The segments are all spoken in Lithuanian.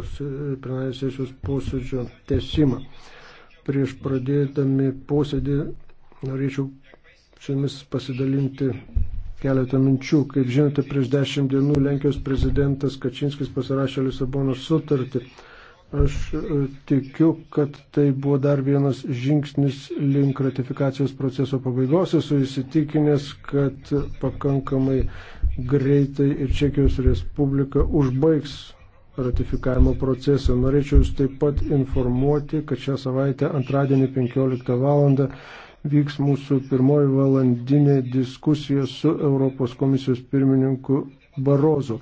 sesijos, e, plenarinės sesijos posėdžio tesimą. Prieš pradėdami posėdį norėčiau su jumis pasidalinti keletą minčių. Kaip žinote, prieš dešimt dienų Lenkijos prezidentas Kačinskis pasirašė Lisabonos sutartį. Aš e, tikiu, kad tai buvo dar vienas žingsnis link ratifikacijos proceso pabaigos. Esu įsitikinęs, kad pakankamai greitai ir Čekijos Respublika užbaigs ratifikavimo procesą. Norėčiau Jūs taip pat informuoti, kad šią savaitę antradienį 15 val. vyks mūsų pirmoji valandinė diskusija su Europos komisijos pirmininku Barozu.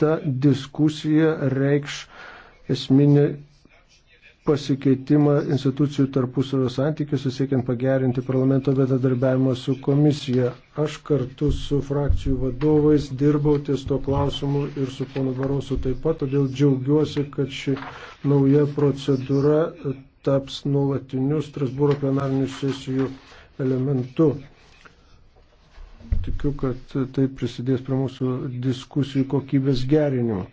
Ta diskusija reikš esminį pasikeitimą institucijų tarpusavio santykiuose, siekiant pagerinti parlamento bedadarbiavimą su komisija. Aš kartu su frakcijų vadovais dirbau ties to klausimu ir su ponu Barosu taip pat, todėl džiaugiuosi, kad ši nauja procedūra taps nuolatiniu Strasbūro plenarinių sesijų elementu. Tikiu, kad tai prisidės prie mūsų diskusijų kokybės gerinimo.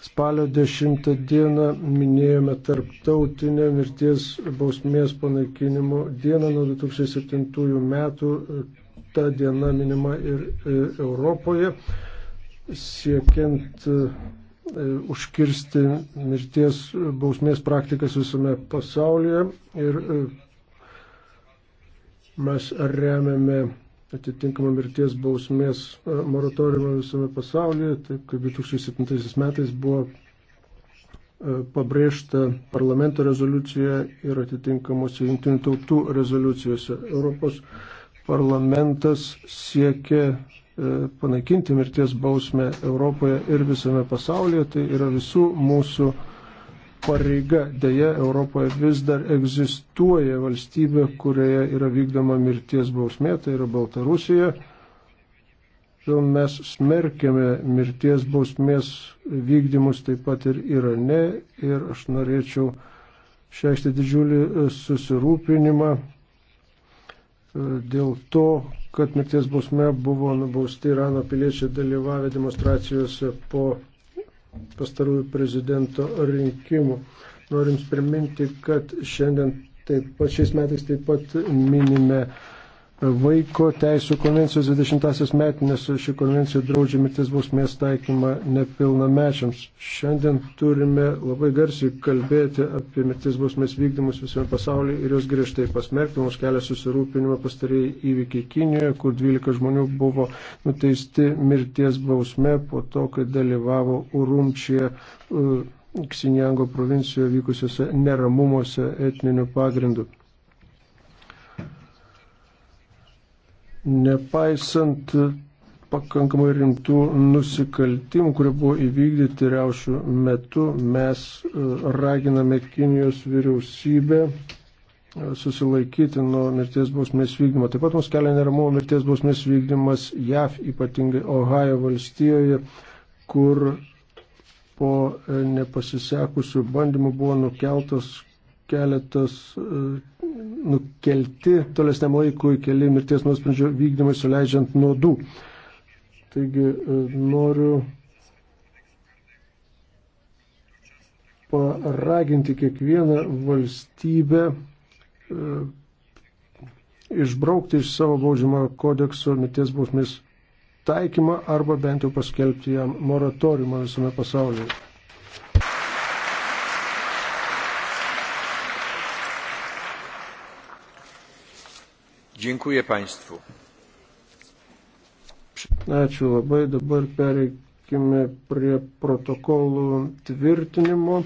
Spalio 10 dieną minėjome tarptautinę mirties bausmės panaikinimo dieną nuo 2007 metų. Ta diena minima ir e, Europoje, siekiant e, užkirsti mirties bausmės praktikas visame pasaulyje. Ir e, mes remiame atitinkamą mirties bausmės e, moratoriumą visame pasaulyje, taip kaip 2007 metais buvo e, pabrėžta parlamento rezoliucija ir atitinkamuose jungtinių tautų rezoliucijose. Europos parlamentas siekia e, panaikinti mirties bausmę Europoje ir visame pasaulyje, tai yra visų mūsų pareiga. Deja, Europoje vis dar egzistuoja valstybė, kurioje yra vykdoma mirties bausmė, tai yra Baltarusija. Todėl mes smerkėme mirties bausmės vykdymus taip pat ir Irane ir aš norėčiau šeikšti didžiulį susirūpinimą e, dėl to, kad mirties bausme buvo nubausti Irano piliečiai dalyvavę demonstracijose po pastarųjų prezidento rinkimų. Norim priminti, kad šiandien taip pat šiais metais taip pat minime Vaiko teisų konvencijos 20-asias metinės ši konvencija draudžia mirties bausmės taikymą nepilnamečiams. Šiandien turime labai garsiai kalbėti apie mirties bausmės vykdymus visame pasaulyje ir jos griežtai pasmerkti. Mums kelia susirūpinimą pastarėjai įvykiai Kinijoje, kur 12 žmonių buvo nuteisti mirties bausme po to, kai dalyvavo Urumčyje. Ksinjango uh, provincijoje vykusiuose neramumuose etniniu pagrindu. Nepaisant pakankamai rimtų nusikaltimų, kurie buvo įvykdyti riaušių metu, mes e, raginame Kinijos vyriausybę e, susilaikyti nuo mirties bausmės vykdymo. Taip pat mus kelia neramu mirties bausmės vykdymas JAV, ypatingai Ohajo valstijoje, kur po e, nepasisekusių bandymų buvo nukeltos keletas e, nukelti tolesniam laikui keli mirties nuosprendžio vykdymai suleidžiant nuodų. Taigi e, noriu paraginti kiekvieną valstybę e, išbraukti iš savo baudžiamojo kodekso mirties bausmės taikymą arba bent jau paskelbti jam moratoriumą visame pasaulyje. Dziękuję Państwu. Ačiū labai, dabar pereikime prie protokolų tvirtinimo.